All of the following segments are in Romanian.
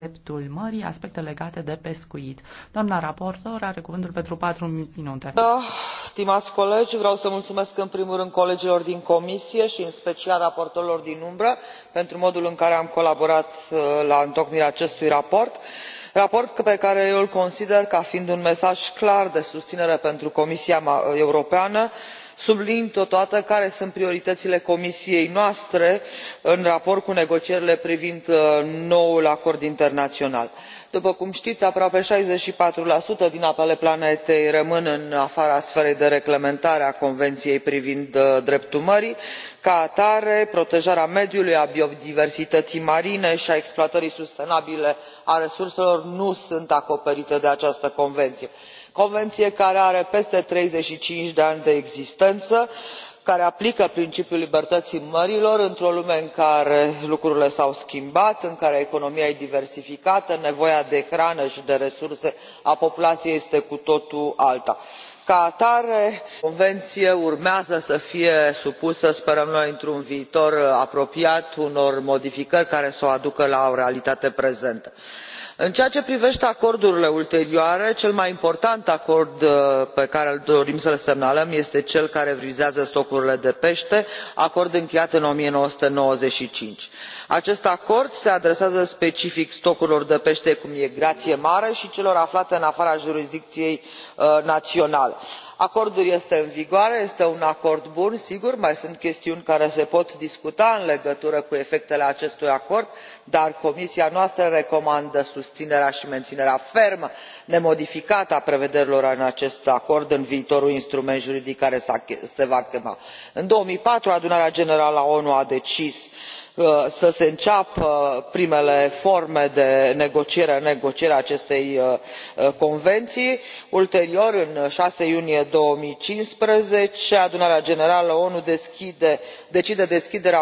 dreptul mării, aspecte legate de pescuit. Doamna raportor are cuvântul pentru patru minute. Da, stimați colegi, vreau să mulțumesc în primul rând colegilor din comisie și în special raportorilor din umbră pentru modul în care am colaborat uh, la întocmirea acestui raport raport pe care eu îl consider ca fiind un mesaj clar de susținere pentru comisia europeană subliniind totodată care sunt prioritățile comisiei noastre în raport cu negocierile privind uh, noul acord internațional. după cum știți aproape șaizeci și patru din apele planetei rămân în afara sferei de reglementare a convenției privind uh, dreptul mării. ca atare protejarea mediului a biodiversității marine și a exploatării sustenabile a resurselor nu sunt acoperite de această convenție convenție care are peste treizeci și cinci de ani de existență care aplică principiul libertății mărilor într o lume în care lucrurile s au schimbat în care economia e diversificată nevoia de hrană și de resurse a populației este cu totul alta. ca atare convenția urmează să fie supusă sperăm noi într un viitor apropiat unor modificări care să o aducă la o realitate prezentă în ceea ce privește acordurile ulterioare cel mai important acord uh, pe care dorim să l semnalăm este cel care vizează stocurile de pește acord încheiat în o mie nouă sute nouăzeci și cinci acest acord se adresează specific stocurilor de pește cu migrație mare și celor aflate în afara jurisdicției uh, naționale acordul este în vigoare este un acord bun sigur mai sunt chestiuni care se pot discuta în legătură cu efectele acestui acord dar comisia noastră recomandă susținerea și menținerea fermă nemodificată a prevederilor în acest acord în viitorul instrument juridic care se va crea. în două mii patru adunarea generală a onu a decis Uh, să se înceapă primele forme de negociere în a acestei uh, uh, convenții. ulterior în șase iunie două mii cincisprezece adunarea generală onu decide deschiderea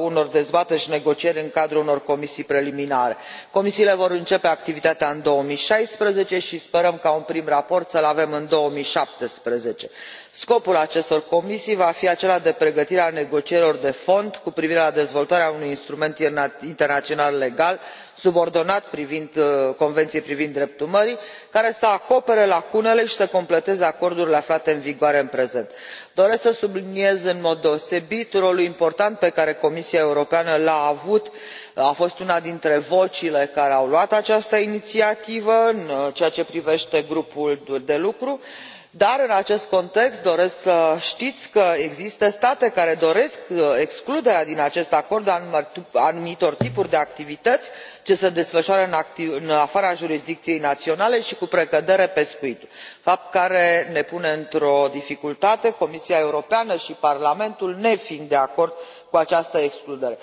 unor dezbateri și negocieri în cadrul unor comisii preliminare. comisiile vor începe activitatea în două mii șaisprezece și sperăm ca un prim raport să l avem în. două mii șaptesprezece scopul acestor comisii va fi acela de pregătire a negocierilor de fond cu privire la dezvoltarea crearea unui instrument internațional legal subordonat uh, convenției privind dreptul mării care să acopere lacunele și să completeze acordurile aflate în vigoare în prezent. doresc să subliniez în mod deosebit rolul important pe care comisia europeană l a avut a fost una dintre vocile care au luat această inițiativă în uh, ceea ce privește grupul de lucru și dar în acest context doresc să știți că există state care doresc uh, excluderea din acest acord a anumitor tipuri de activități ce se desfășoară în afara jurisdicției naționale și cu precădere pescuitul fapt care ne pune într o dificultate comisia europeană și parlamentul nefiind de acord cu această excludere.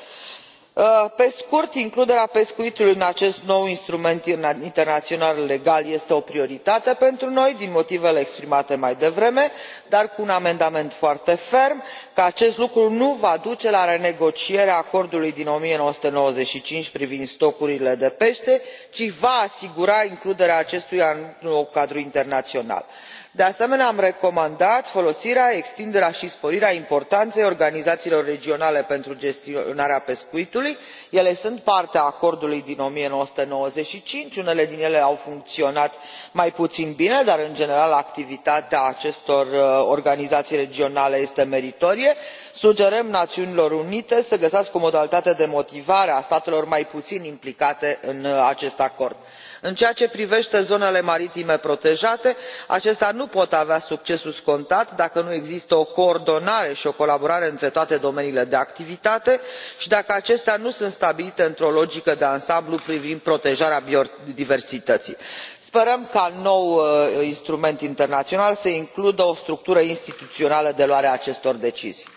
Uh, pe scurt includerea pescuitului în acest nou instrument internațional legal este o prioritate pentru noi din motivele exprimate mai devreme dar cu un amendament foarte ferm că acest lucru nu va duce la renegocierea acordului din o mie nouă sute nouăzeci și cinci privind stocurile de pește ci va asigura includerea acestuia în noul cadru internațional de asemenea am recomandat folosirea extinderea și sporirea importanței organizațiilor regionale pentru gestionarea pescuitului ele sunt parte a acordului din o mie nouă sute nouăzeci și cinci unele din ele au funcționat mai puțin bine dar în general activitatea acestor uh, organizații regionale este meritorie sugerăm națiunilor unite să găsească o modalitate de motivare a statelor mai puțin implicate în uh, acest acord. în ceea ce privește zonele maritime protejate acestea nu pot avea succesul scontat dacă nu există o coordonare și o colaborare între toate domeniile de activitate și dacă acestea nu sunt stabilite într o logică de ansamblu privind protejarea biodiversității. sperăm ca noul uh, instrument internațional să includă o structură instituțională de luare a acestor decizii.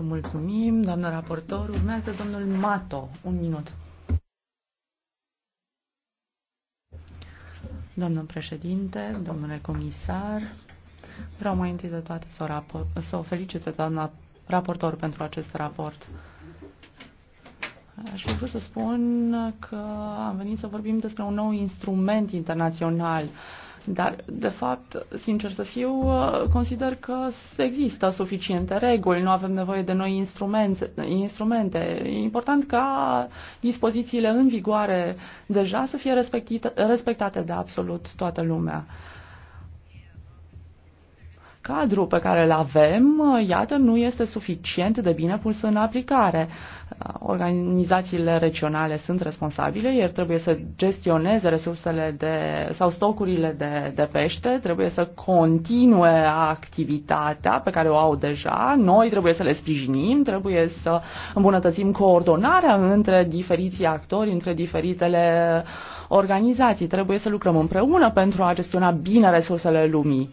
Vă mulțumim, doamnă raportor. Urmează domnul Mato. Un minut. Doamnă președinte, domnule comisar, vreau mai întâi de toate să o, rapor, să o felicit pe doamna raportor pentru acest raport. Aș vrea să spun că am venit să vorbim despre un nou instrument internațional uh, dar, de fapt, sincer să fiu, uh, consider că există suficiente reguli, nu avem nevoie de noi instrumente. instrumente. E important ca dispozițiile în vigoare deja să fie respectate de absolut toată lumea. Cadrul pe care îl avem, uh, iată, nu este suficient de bine pus în aplicare. Uh, organizațiile regionale sunt responsabile, iar trebuie să gestioneze resursele de, sau stocurile de, de pește, trebuie să continue activitatea pe care o au deja, noi trebuie să le sprijinim, trebuie să îmbunătățim coordonarea între diferiții actori, între diferitele organizații, trebuie să lucrăm împreună pentru a gestiona bine resursele lumii.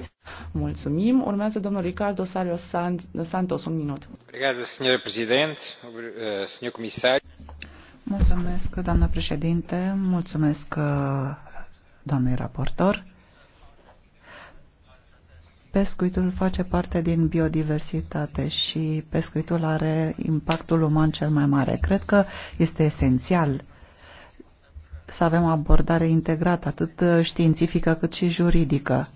Mulțumim. Urmează domnul Ricardo Sario Santos, un minut. Eh, mulțumesc, doamnă președinte. Mulțumesc, eh, doamnei raportor. Pescuitul face parte din biodiversitate și pescuitul are impactul uman cel mai mare. Cred că este esențial să avem o abordare integrată, atât științifică cât și juridică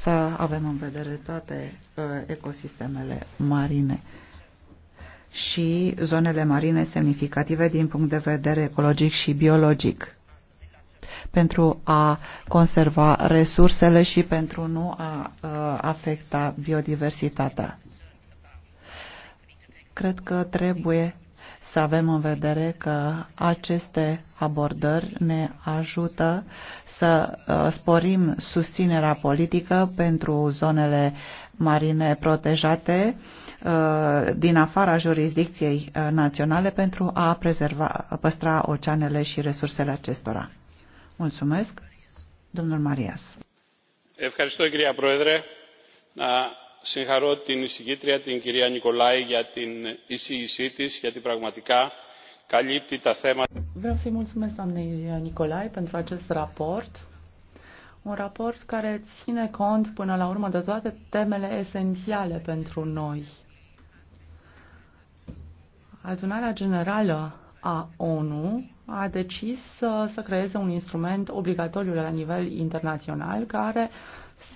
să avem în vedere toate uh, ecosistemele marine și zonele marine semnificative din punct de vedere ecologic și biologic pentru a conserva resursele și pentru nu a uh, afecta biodiversitatea. Cred că trebuie să avem în vedere că aceste abordări ne ajută să uh, sporim susținerea politică pentru zonele marine protejate uh, din afara jurisdicției uh, naționale pentru a prezerva, a păstra oceanele și resursele acestora. Mulțumesc. Domnul Marias. Ευχαριστώ, συγχαρώ την εισηγήτρια την κυρία Νικολάη για την εισήγησή τη, γιατί πραγματικά καλύπτει τα θέματα. Vreau să-i mulțumesc doamnei Nicolae pentru acest raport. Un raport care ține cont până la urmă de toate temele esențiale pentru noi. Adunarea Generală a ONU a decis să, să creeze un instrument obligatoriu la nivel internațional care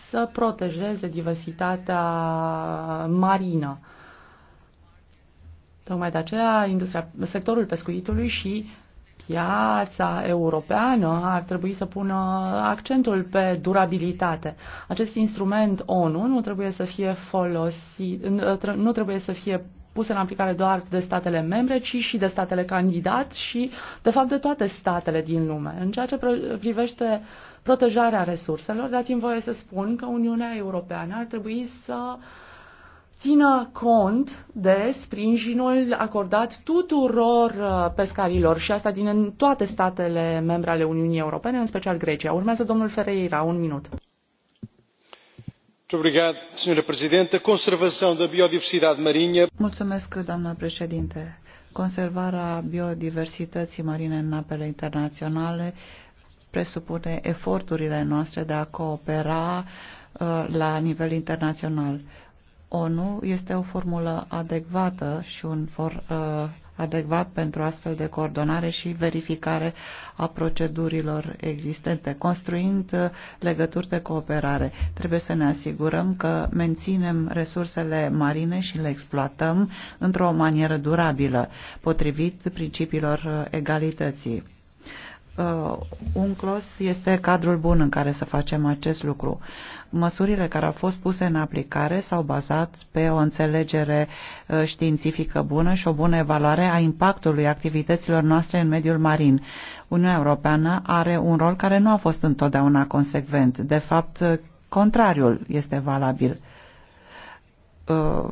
să protejeze diversitatea marină. Tocmai de aceea, industria, sectorul pescuitului și piața europeană ar trebui să pună accentul pe durabilitate. Acest instrument ONU nu trebuie să fie folosit, nu trebuie să fie puse în aplicare doar de statele membre, ci și de statele candidat și, de fapt, de toate statele din lume. În ceea ce privește protejarea resurselor, dați-mi voie să spun că Uniunea Europeană ar trebui să țină cont de sprijinul acordat tuturor uh, pescarilor și asta din toate statele membre ale Uniunii Europene, în special Grecia. Urmează domnul Ferreira, un minut. Da doamnă președinte conservarea biodiversității marine în apele internaționale presupune eforturile noastre de a coopera uh, la nivel internațional. ONU este o formulă adecvată și un for uh, adecvat pentru astfel de coordonare și verificare a procedurilor existente, construind uh, legături de cooperare. Trebuie să ne asigurăm că menținem resursele marine și le exploatăm într-o manieră durabilă, potrivit principiilor uh, egalității uh, clos este cadrul bun în care să facem acest lucru. Măsurile care au fost puse în aplicare s-au bazat pe o înțelegere uh, științifică bună și o bună evaluare a impactului activităților noastre în mediul marin. Uniunea Europeană are un rol care nu a fost întotdeauna consecvent. De fapt, uh, contrariul este valabil. Uh,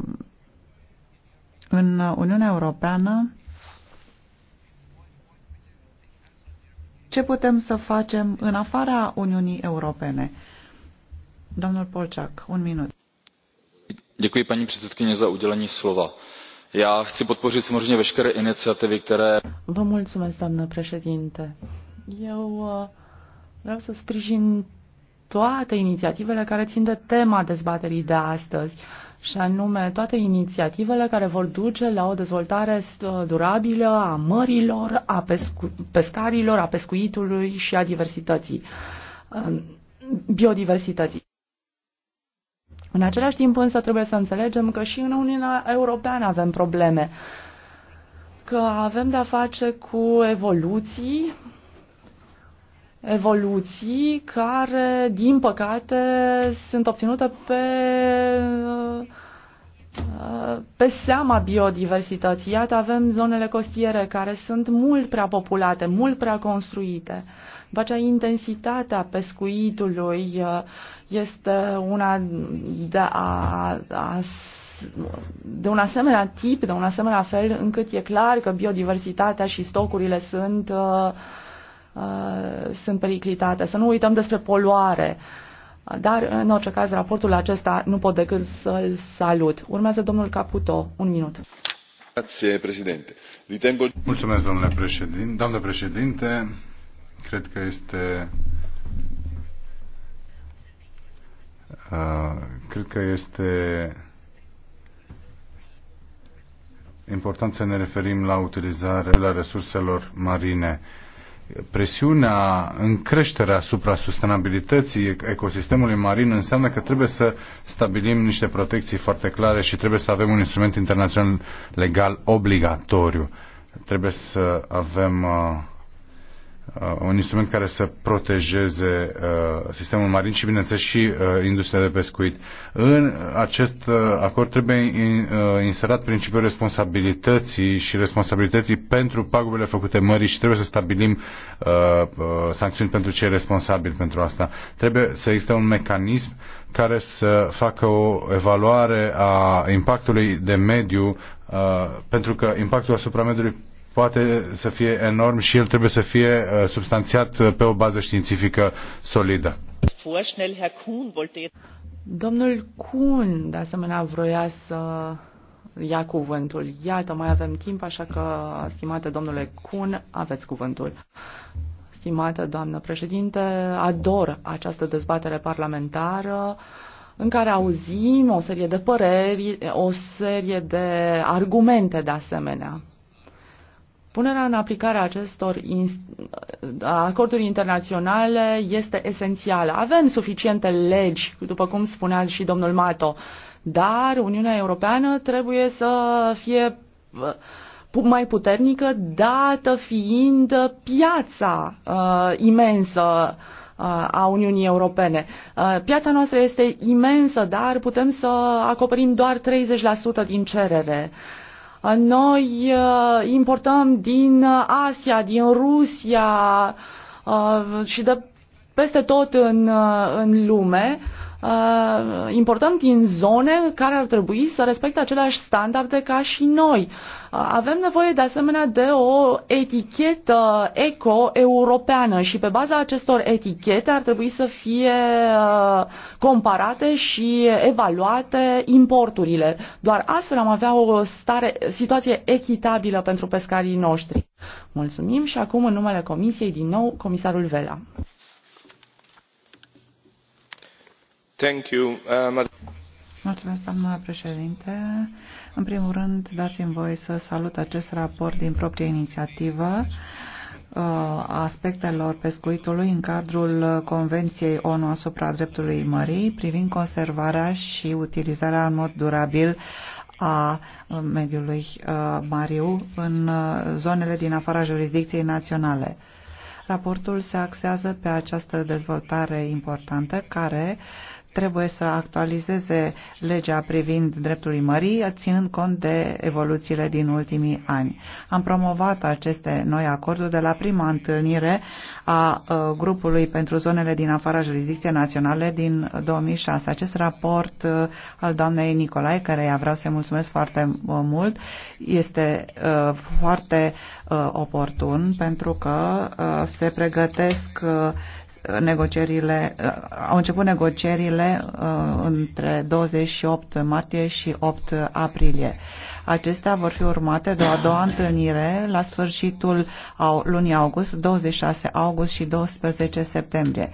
în Uniunea Europeană Ce putem să facem în afara Uniunii Europene? Domnul Polciac, un minut. Děkuji paní předsedkyně za udělení slova. Já chci podpořit samozřejmě veškeré iniciativy, které... Vă mulțumesc, doamnă președinte. Eu uh, vreau să sprijin toate inițiativele care țin de tema dezbaterii de astăzi și anume toate inițiativele care vor duce la o dezvoltare uh, durabilă a mărilor, a pescu- pescarilor, a pescuitului și a diversității, uh, biodiversității. În același timp însă trebuie să înțelegem că și în Uniunea Europeană avem probleme, că avem de-a face cu evoluții evoluții care, din păcate, sunt obținute pe pe seama biodiversității. Iată, avem zonele costiere care sunt mult prea populate, mult prea construite. După aceea, intensitatea pescuitului uh, este una de, a, a, de un asemenea tip, de un asemenea fel, încât e clar că biodiversitatea și stocurile sunt uh, Uh, sunt periclitate. Să nu uităm despre poluare. Dar, în orice caz, raportul acesta nu pot decât să-l salut. Urmează domnul Caputo. Un minut. Grazie, președinte. Ritengo... Mulțumesc, domnule președinte. Domnule președinte, cred că este Uh, cred că este important să ne referim la utilizarea la resurselor marine presiunea în creșterea asupra sustenabilității ecosistemului marin înseamnă că trebuie să stabilim niște protecții foarte clare și trebuie să avem un instrument internațional legal obligatoriu. Trebuie să avem uh, Uh, un instrument care să protejeze uh, sistemul marin și, bineînțeles, și uh, industria de pescuit. În acest acord trebuie inserat principiul responsabilității și responsabilității pentru pagubele făcute mării și trebuie să stabilim sancțiuni pentru cei responsabili pentru asta. Trebuie să existe un mecanism care să facă o evaluare a impactului de mediu, pentru că impactul asupra mediului poate să fie enorm și el trebuie să fie uh, substanțiat uh, pe o bază științifică solidă. Domnul Kuhn, de asemenea, vroia să ia cuvântul. Iată, mai avem timp, așa că, stimate domnule Kuhn, aveți cuvântul. Stimată doamnă președinte, ador această dezbatere parlamentară în care auzim o serie de păreri, o serie de argumente de asemenea. Punerea în aplicare a acestor acorduri internaționale este esențială. Avem suficiente legi, după cum spunea și domnul Mato, dar Uniunea Europeană trebuie să fie uh, mai puternică, dată fiind piața uh, imensă uh, a Uniunii Europene. Uh, piața noastră este imensă, dar putem să acoperim doar 30% din cerere. Uh, noi uh, importăm din uh, Asia, din Rusia uh, și de peste tot în, în lume Uh, importăm din zone care ar trebui să respecte aceleași standarde ca și noi. Uh, avem nevoie de asemenea de o etichetă eco-europeană și pe baza acestor etichete ar trebui să fie uh, comparate și evaluate importurile. Doar astfel am avea o stare, situație echitabilă pentru pescarii noștri. Mulțumim și acum în numele Comisiei din nou comisarul Vela. Uh, Mulțumesc, doamnă președinte. În primul rând, dați-mi voie să salut acest raport din proprie inițiativă uh, aspectelor pescuitului în cadrul Convenției ONU asupra dreptului mării privind conservarea și utilizarea în mod durabil a uh, mediului mariu în zonele din afara jurisdicției naționale. Raportul se axează pe această dezvoltare importantă care uh, trebuie să actualizeze legea privind dreptului mării, ținând cont de evoluțiile din ultimii ani. Am promovat aceste noi acorduri de la prima întâlnire a ă, grupului pentru zonele din afara jurisdicției naționale din 2006. Acest raport ă, al doamnei Nicolae, care i i-a vreau să-i mulțumesc foarte ă, mult, este foarte oportun pentru că se pregătesc negocierile, uh, au început negocierile uh, între 28 martie și 8 aprilie. Acestea vor fi urmate de o a doua întâlnire la sfârșitul lunii august, 26 august și 12 septembrie.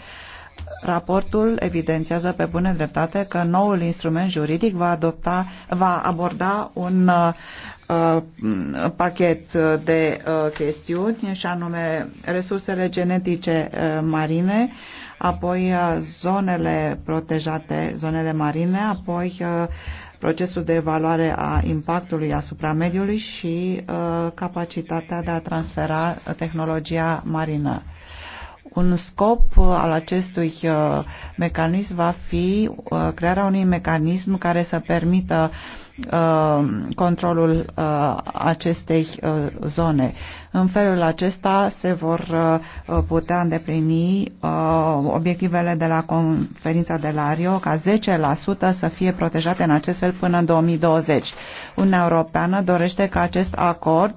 Raportul evidențiază pe bună dreptate că noul instrument juridic va, adopta, va aborda un uh, uh, pachet de uh, chestiuni, și anume resursele genetice uh, marine, apoi uh, zonele protejate, zonele marine, apoi uh, procesul de evaluare a impactului asupra mediului și uh, capacitatea de a transfera tehnologia marină. Un scop al acestui uh, mecanism va fi uh, crearea unui mecanism care să permită Uh, controlul uh, acestei uh, zone. În felul acesta se vor putea îndeplini obiectivele de la conferința de la Rio ca 10% să fie protejate în acest fel până în 2020. Uniunea Europeană dorește ca acest acord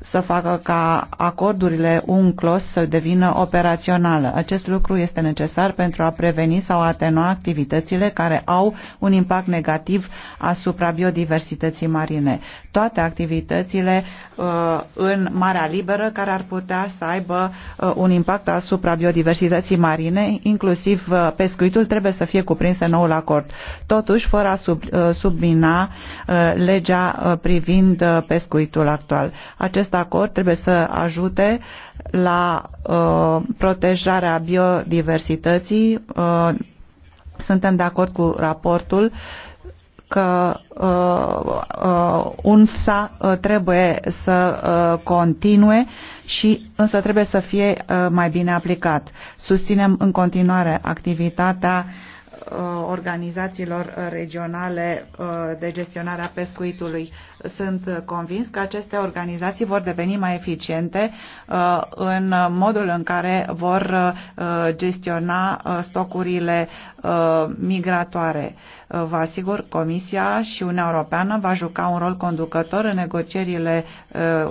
să facă ca acordurile UNCLOS să devină operaționale. Acest lucru este necesar pentru a preveni sau atenua activitățile care au un impact negativ asupra biodiversității biodiversității marine. Toate activitățile uh, în Marea Liberă care ar putea să aibă uh, un impact asupra biodiversității marine, inclusiv uh, pescuitul, trebuie să fie cuprins în noul acord. Totuși, fără a sub, submina legea privind pescuitul actual. Acest acord trebuie să ajute la protejarea biodiversității. Suntem de acord cu raportul că uh, uh, UNFSA uh, trebuie să uh, continue și însă trebuie să fie uh, mai bine aplicat. Susținem în continuare activitatea uh, Uh, organizațiilor regionale uh, de gestionare a pescuitului. Sunt convins că aceste organizații vor deveni mai eficiente uh, în modul în care vor gestiona stocurile migratoare. Vă asigur, Comisia și Uniunea Europeană va juca un rol conducător în negocierile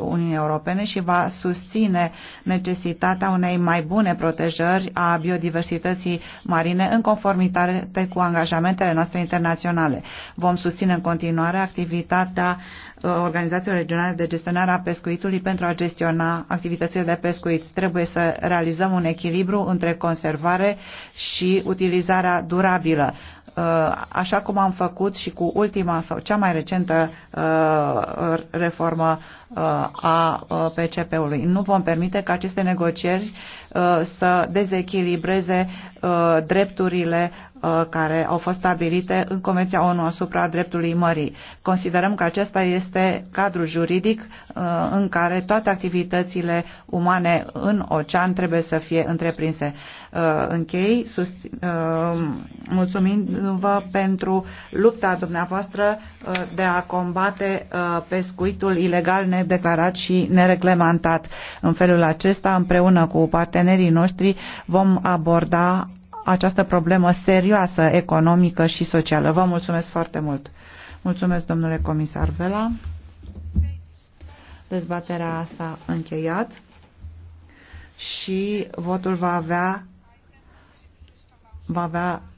Uniunii Europene și va susține necesitatea unei mai bune protejări a biodiversității marine în conformitate conformitate cu angajamentele noastre internaționale. Vom susține în continuare activitatea uh, Organizației Regionale de Gestionare a Pescuitului pentru a gestiona activitățile de pescuit. Trebuie să realizăm un echilibru între conservare și utilizarea durabilă uh, așa cum am făcut și cu ultima sau cea mai recentă uh, reformă a PCP-ului. Nu vom permite ca aceste negocieri să dezechilibreze drepturile Uh, care au fost stabilite în Convenția ONU asupra dreptului mării. Considerăm că acesta este cadrul juridic uh, în care toate activitățile umane în ocean trebuie să fie întreprinse. Uh, închei mulțumindu-vă pentru lupta dumneavoastră de a combate pescuitul ilegal nedeclarat și nereglementat. În felul acesta, împreună cu partenerii noștri, vom aborda această problemă serioasă economică și socială. Vă mulțumesc foarte mult. Mulțumesc, domnule comisar Vela. Dezbaterea s-a încheiat și votul va avea, va avea